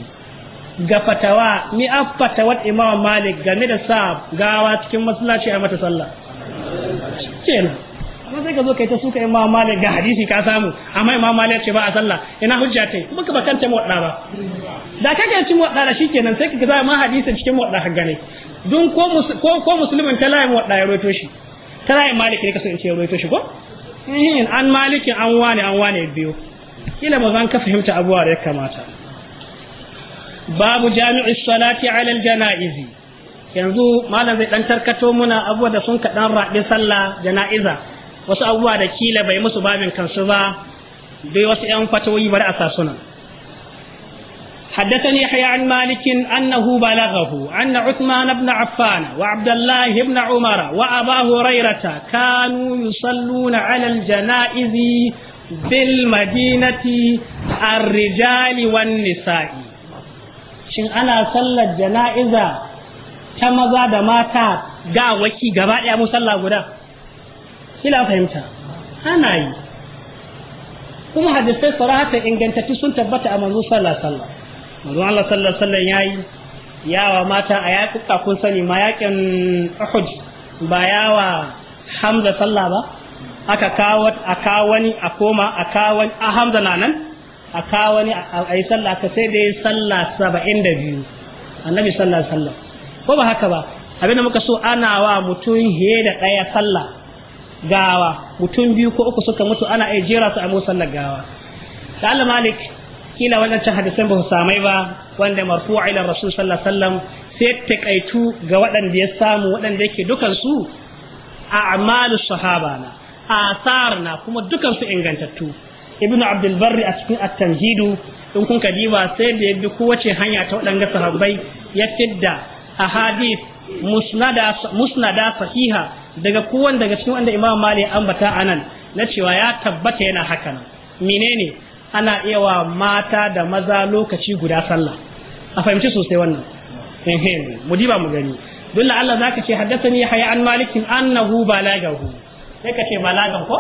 ga fatawa ni a fatawar imam malik game da sa gawa cikin masallaci a mata sallah kenan ba sai ka zo kai ta suka imam malik ga hadisi ka samu amma imam malik ce ba a sallah ina hujja tai baka bakanta mu mawaɗa ba da kake cin mawaɗa da shi kenan sai ka ga ma hadisin cikin mawaɗa ka gane Don ko musulmin ta layin mawaɗa ya roto shi layin maliki ne in ce ya roto shi ko in an malikin an wane an wane biyu. kila ba zan ka fahimta abuwa da ya kamata babu jami'in salati alal janaizi yanzu malam zai dan tarkato muna abubuwa da sun kaɗan raɗi sallah jana'iza wasu abubuwa da kila bai musu babin kansu ba bai wasu yan fatawoyi bari a sa suna حدثني يحيى عن مالك أنه بلغه أن عثمان بن عفان وعبد الله بن عمر وأبا هريرة كانوا يصلون على الجنائز بالمدينة الرجال والنساء shin ana sallar jana'iza ta maza da mata ga waki gaba ɗaya mu sallah guda kila fahimta ana yi kuma hadisai sarahatan ingantattu sun tabbata a manzo sallah sallah manzo Allah sallah sallah yayi yawa mata a yaƙuƙa kun sani ma yaƙin Uhud ba yawa Hamza sallah ba aka kawo a kawani a koma a kawani a Hamza na nan a kawani a yi sallah ka sai da yi sallah saba'in da biyu annabi sallah sallah ko ba haka ba abinda muka so ana wa mutum he da ɗaya sallah gawa mutum biyu ko uku suka mutu ana iya jera su a mu sallar gawa da Allah malik kila wannan ta hadisan ba su samai ba wanda marfu ila rasul sallallahu alaihi wasallam sai takaitu ga waɗanda ya samu waɗanda yake dukan su a amalu sahaba na asar na kuma dukan su ingantattu ibnu abdul barri a cikin at-tamhidu in kun kadiba sai da ya bi kowace hanya ta waɗanda sahabbai ya fidda A musnada musnada sahiha daga kowan daga cikin wanda Imam Malik ambata anan na cewa ya tabbata yana hakan menene ana iya wa mata da maza lokaci guda sallah a fahimci sosai wannan mu diba mu gani dole Allah zaka ce haddathani haya an malikin annahu balagahu sai ka ce balagan ko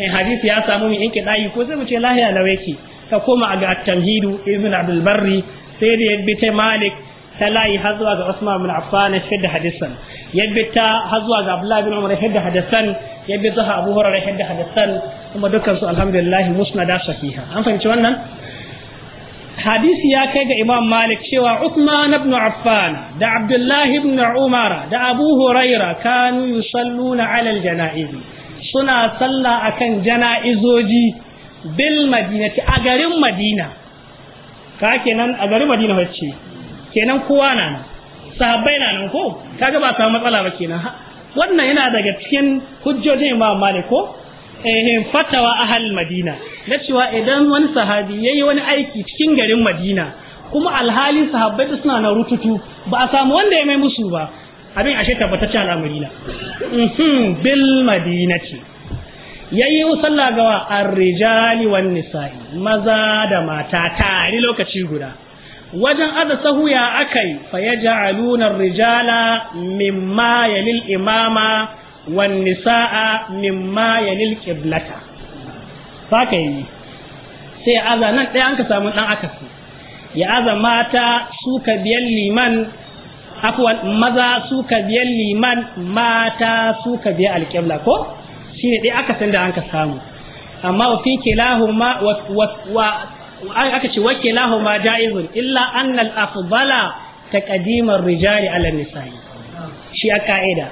in eh, hadisi ya samu min inke dai ko sai mu ce lahiya lawaki ka koma a ga at-tamhidu ibn abdul barri sai da yabbi ta malik ta layi har zuwa ga Usman bin Affan ya shidda hadisan ya bi ta har zuwa ga Abdullah bin Umar ya shidda hadisan ya bi zuwa Abu Hurairah ya shidda hadisan kuma dukkan su alhamdulillah musnada sahiha an fahimci wannan hadisi ya kai ga Imam Malik cewa Usman bin Affan da Abdullah bin Umar da Abu Hurairah kanu yusalluna ala al-janaiz suna sallah akan janaizoji bil madinati a garin Madina ka nan a garin Madina wacce kenan kowa na nan sahabbai na nan ko kaga ba samu matsala ba kenan wannan yana daga cikin hujjojin Imam Malik ko eh fatawa ahal Madina na cewa idan wani sahabi yayi wani aiki cikin garin Madina kuma alhali sahabbai da suna na rututu ba a samu wanda ya mai musu ba abin ashe tabbataccen al'amari na uhm, bil madinati yayi sallah gawa ar-rijali wan nisa'i maza da mata tare lokaci guda wajen ada sahu ya akai fa yaj'aluna ar-rijala mimma yalil imama wan nisaa mimma yalil qiblata ka yi sai aza nan ɗaya an ka samu ɗan akasi ya aza mata su ka biyan liman afwan maza su ka biyan liman mata su ka biyan alƙibla ko Shi ne ɗaya akasin da an ka samu amma wa fi kilahuma wa aka ce ma ja'izun illa anna al-afdala taqdimar rijali ala nisa'i shi a ka'ida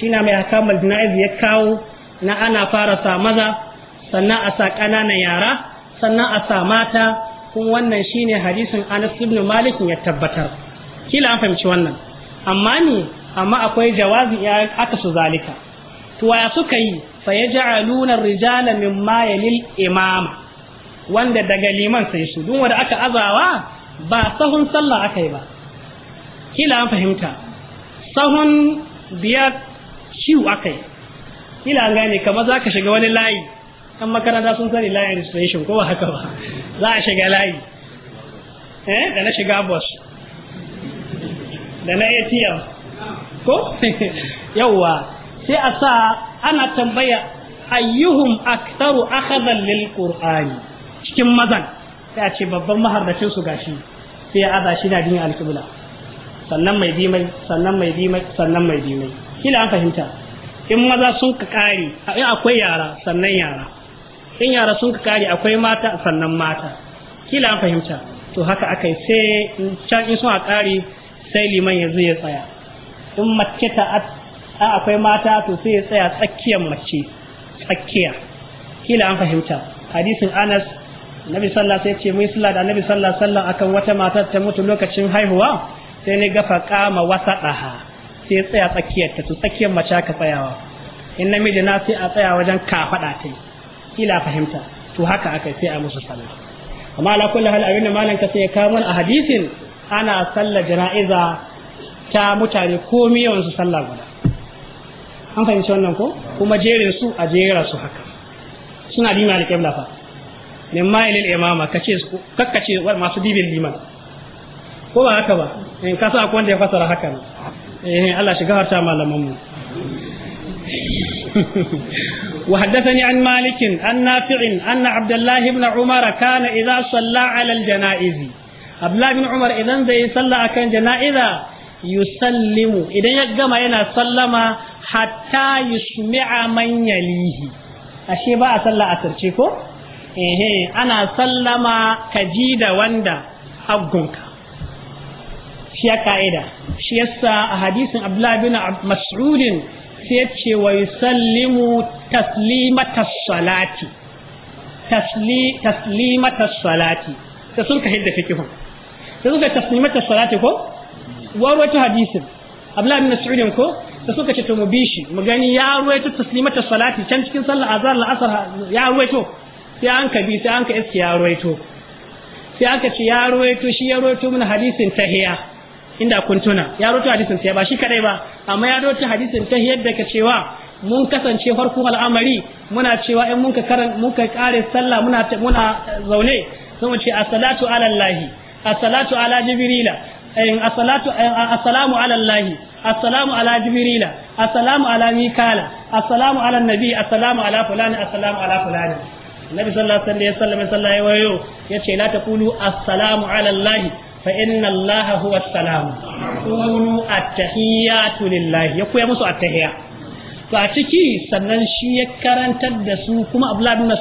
shi na mai hakamar jana'iz ya kawo na ana fara sa maza sannan a sa ƙananan yara sannan a sa mata kun wannan shine hadisin Anas ibn Malik ya tabbatar kila an fahimci wannan amma ni. amma akwai jawazi ya aka su zalika to waya suka yi fa yaj'aluna ar-rijala mimma yalil imama wanda daga liman sai su dun wanda aka azawa ba sahun sallah aka yi ba kila an fahimta sahun biyar ciwo aka yi kila an gane kamar za ka shiga wani layi kan makaranta sun sani layin registration ko ba haka ba za a shiga layi eh da na shiga bus da na atm ko yawwa sai a sa ana tambaya ayyuhum aktaru akhadan lil qur'ani cikin mazan sai a ce babban maharbacin su gashi sai ya aza shi na dinin alƙibla sannan mai bi mai sannan mai bi mai sannan mai bi mai kila an fahimta in maza sun ka kare in akwai yara sannan yara in yara sun ka kare akwai mata sannan mata kila an fahimta to haka akai sai can in sun a kare sai liman ya zo ya tsaya in mace ta a akwai mata to sai ya tsaya tsakiyar mace tsakiya kila an fahimta hadisin anas nabi sallallahu alaihi ce mun sallah da nabi sallallahu alaihi akan wata mata ta mutu lokacin haihuwa sai ne gafa kama wasa daha sai tsaya tsakiyar ta tsakiyar mace ka tsayawa in namiji na sai a tsaya wajen fada ta ila fahimta to haka aka sai a musu sallah amma ala kulli hal abinda malam ka sai ka mun a hadisin ana sallar jana'iza ta mutane ko miyan su sallah guda an fahimci wannan ko kuma jerin su a jera su haka suna dima da kibla fa min ma'ilil imama kace kakkace masu dibin liman ko ba haka ba in ka sa akwai wanda ya fasara haka ne eh Allah shi gafarta malaman mu وحدثني عن مالك عن نافع أن عبد الله بن عمر كان إذا صلى على الجنائز عبد الله بن عمر إذا زي صلى أكن جنائزة يسلم إذا يجمع ينا سلم حتى يسمع من يليه أشي بقى صلى أسرشيكو ehe ana sallama ka ji da wanda abgunka shi ya ka'ida shi yasa a hadisin abdullahi bin mas'udin sai ce wa sallimu taslimata salati taslimata salati da sun ka hidda fikihun da suka taslimata salati ko warwato hadisin abdullahi bin mas'udin ko da suka ce to mu bi shi mu gani ya ruwaito taslimata salati can cikin sallar azhar al asr ya ruwaito sai an ka bi sai an ka iske ya ruwaito sai an ka ce ya ruwaito shi ya ruwaito mana hadisin tahiya inda kun tuna ya ruwaito hadisin tahiya ba shi kadai ba amma ya ruwaito hadisin tahiya da ka cewa mun kasance farko al'amari muna cewa in ka karan ka kare sallah muna muna zaune sai mu ce as-salatu ala allahi as-salatu ala jibrila eh, as-salatu eh, as-salamu ala allahi as-salamu ala jibrila as-salamu ala mikala as-salamu ala nabi as-salamu ala fulani as-salamu ala fulani ya sallallahu alaihi wasallam sallallahu alaihi wayo yace la taqulu assalamu ala allah fa inna allah huwa assalam qulu attahiyatu lillah ya koya musu attahiya to a ciki sannan shi ya karantar da su kuma abdullahi ibn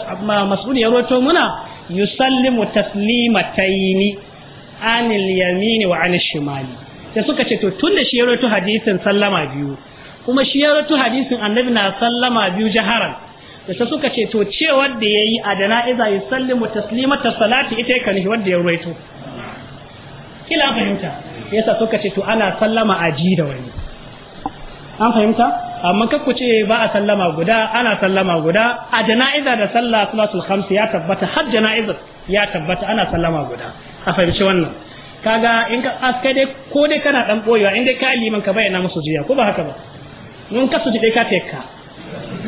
mas'ud ya roto muna yusallimu taslimataini anil yamini wa anil shimali sai suka ce to tunda shi ya roto hadisin sallama biyu kuma shi ya hadisin annabi na sallama biyu jaharan da sai suka ce to cewar da yayi a jana'iza sallimu taslimata salati ita yake ne wanda ya ruwaito kila fahimta yasa suka ce to ana sallama a ji da wani an fahimta amma kakku ce ba a sallama guda ana sallama guda a jana'iza da sallah salatul khamsi ya tabbata har jana'iza ya tabbata ana sallama guda a fahimci wannan kaga in ka aska dai ko dai kana dan boyewa in dai ka liman ka bayyana musu jiya ko ba haka ba mun kasu dai ka teka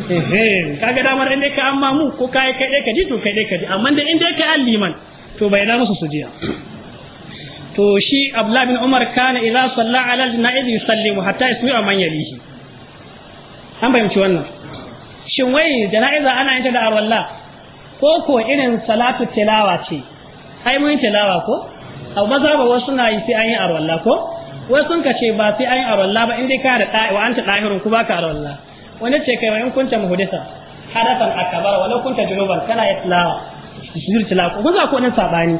kaga damar inda ka amma mu ko kai kai dai ka ji to kai dai ka ji amma in inda ka alliman to bai da musu sujiya to shi abdullah bin umar kana idza salla ala al-na'id yusallimu hatta yasmi'a man yalihi an fahimci wannan shin wai jana'iza ana yin ta da arwalla ko ko irin salatu tilawa ce ai mun tilawa ko abu ba wasu na yi sai an yi arwalla ko wasu sun ka ce ba sai an yi arwalla ba in dai ka da wa anta dahirun ku baka arwalla wani ce kai in kunta muhdisa hadasan akbar wala kunta junuban kana ya tilawa sujud tilawa ko za ku nan sabani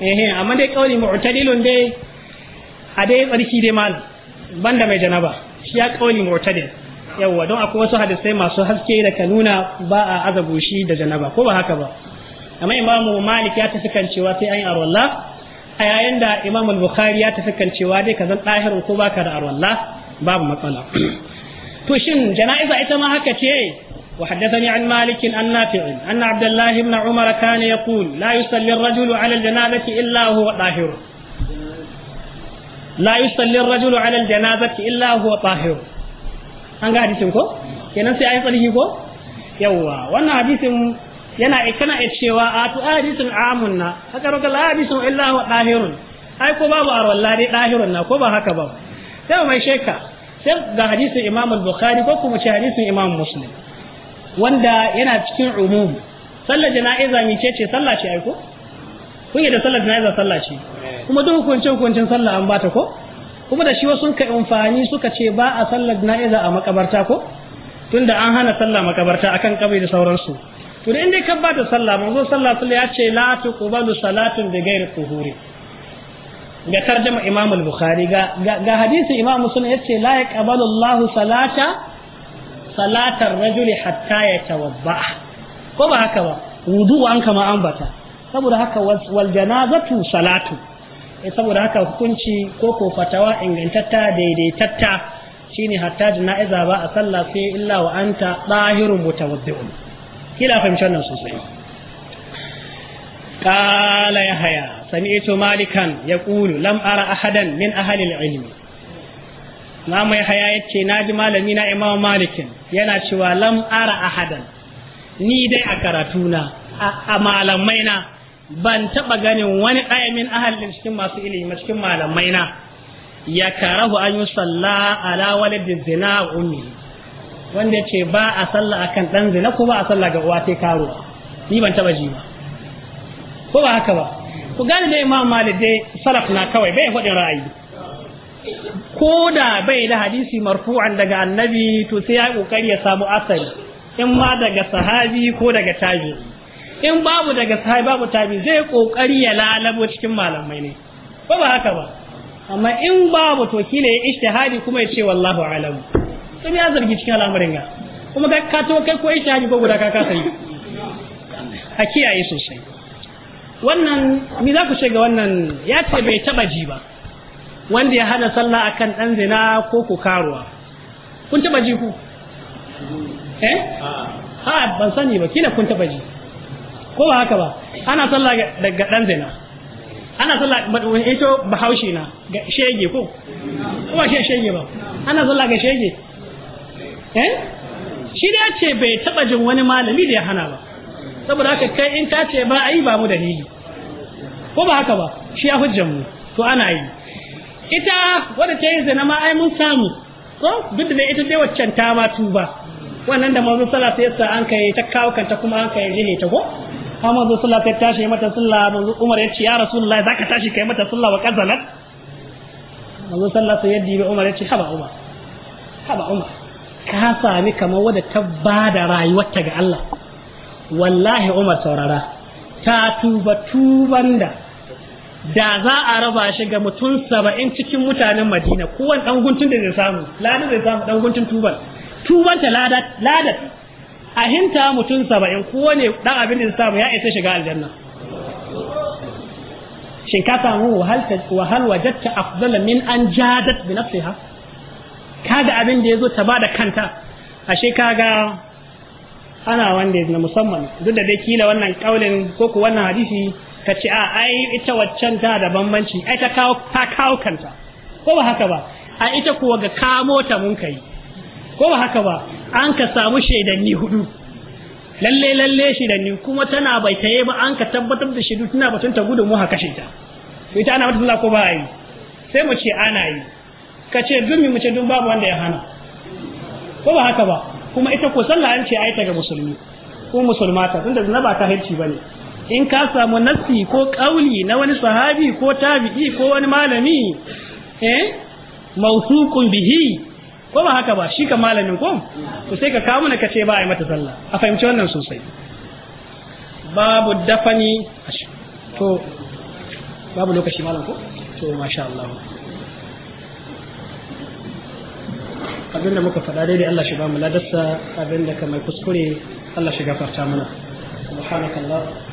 eh amma dai kauli mu'tadilun dai a dai tsarki dai mal banda mai janaba shi ya kauli mu'tadil yawa don akwai wasu hadisai masu haske da kanuna ba a azabu shi da janaba ko ba haka ba amma imamu malik ya tafi kan cewa sai an yi arwalla a yayin da imam al-bukhari ya tafi kan cewa dai ka zan ɗahirin ko ba ka da arwalla babu matsala to shin jana'iza ita ma haka ce وحدثني عن مالك عن نافع أن عبد الله بن عمر كان يقول لا يصلي الرجل على الجنازة إلا هو طاهر لا يصلي الرجل على الجنازة إلا هو طاهر an ga hadisin ko kenan sai ayi tsarki ko yawwa wannan hadisin yana kana iya cewa a to hadisin amun haka roka la hadisin illa huwa dahirun ai ko babu arwalla dai dahirun na ko ba haka ba sai mai sheka sai ga hadisin imam al-bukhari ko kuma ce hadisin imam muslim wanda yana cikin umum sallar jana'iza mi ce ce sallah ce ko kun yi da sallar jana'iza sallah ce eh. kuma duk hukuncin hukuncin sallah an bata ko kuma da shi wasu ka amfani suka ce ba a sallar jana'iza a makabarta ko tunda an hana sallah makabarta akan kabai da sauransu to da inda ka bata sallah manzo sallah sallah ya ce la tuqbalu salatun bi ghairi tuhuri ga tarjama Imam al-Bukhari ga ga hadisin Imam Muslim yace la yaqbalu Allah salata salatar rajuli hatta yatawadda ko ba haka ba wudu an kama ambata saboda haka wal janazatu salatu eh, saboda haka hukunci ko ko fatawa ingantatta daidaitatta shine hatta jana'iza ba a sallah sai illa wa anta dahirun mutawaddi'un kila fahimci wannan sosai qala yahya سمعت مالكا يقول لم أرى أحدا من أهل العلم ما ما يحيى ناجي مالمينا إمام مالك ينا شوى لم أرى أحدا ni dai a karatuna a na, ban taɓa ganin wani min ahalin cikin masu ilimi cikin malamai ya karahu an yi salla ala walidin zina ummi wanda ce ba a salla akan dan zina ko ba a salla ga uwa sai karo ni ban taɓa ji ba ko ba haka ba ku gane da imam malik dai salaf na kawai bai faɗin ra'ayi ko da bai da hadisi marfu'an daga annabi to sai ya kokari ya samu asali in ma daga sahabi ko daga tabi in babu daga sahabi babu tabi zai kokari ya lalabo cikin malamai ne ba ba haka ba amma in babu to kila ya ishtihadi kuma ya ce wallahu alam to ya zargi cikin al'amarin ga kuma ka to kai ko ishtihadi ko guda ka kasa yi a kiyaye sosai wannan mi za ku ce ga wannan ya ce bai taba ji ba wanda ya hana sallah akan dan zina ko ku karuwa kun taba ji ku eh ha ban sani ba kina kun taba ji ko ba haka ba ana sallah daga dan zina ana sallah wani ito bahaushe na ga shege ko ko ba shege ba ana sallah ga shege eh shi da ce bai taba jin wani malami da ya hana ba saboda haka kai in ka ce ba a yi ba mu dalili ko ba haka ba shi ya hujjar mu to ana yi ita wadda ta yi zina ma ai mun samu ko duk da ita dai waccan ta ma tuba wannan da manzo sallallahu alaihi wasallam an kai ta kawo kanta kuma an kai jine ta ko amma manzo sallallahu alaihi wasallam tashi mata sallah manzo Umar ya ce ya Rasulullahi zaka tashi kai mata sallah wa kazalat manzo sallallahu alaihi wasallam ya Umar ya ce haba Umar haba Umar ka sami kamar wadda ta bada rayuwarta ga Allah wallahi Umar saurara ta tuba tuban da da za a raba shi ga mutum saba'in cikin mutanen madina kowane ɗan guntun da zai samu lada zai samu ɗan guntun tuban tuban ta lada a hinta mutum saba'in kowane ɗan abin da zai samu ya isa shiga aljanna shin ka samu wahal wajatta afdala min an jadat bi nafsiha kaga abin da yazo ta bada kanta ashe kaga ana wanda na musamman duk da dai kila wannan kaulin ko ku wannan hadisi ka ce a ah, ai ita waccan ta da bambanci ai ta kawo ta kawo kanta ko ba haka ba a ita kuwa ga kamo ta mun kai ko ba haka ba an ka samu shaidanni hudu lalle lalle shaidanni kuma tana bai taye ba an ka tabbatar da shaidu tana batun ta gudu mu haka shaita ita ana mutunta ko ba yi sai mu ce ana yi ka ce dumi mu ce dun babu wanda ya hana ko ba haka ba kuma ita ko sallah an ce ai ta ga musulmi ko musulmata tunda zina ba ta hirci bane in ka samu nassi ko kauli na wani sahabi ko tabi'i ko wani malami eh mawthuqun bihi ko ba haka ba shi ka malamin ko to sai ka kawo ka ce ba a yi mata sallah a fahimci wannan sosai babu dafani to babu lokaci malam ko to masha Allah abinda muka faɗa daidai Allah shi ba mu ladarsa abinda kamar kuskure Allah shi gafarta mana subhanakallah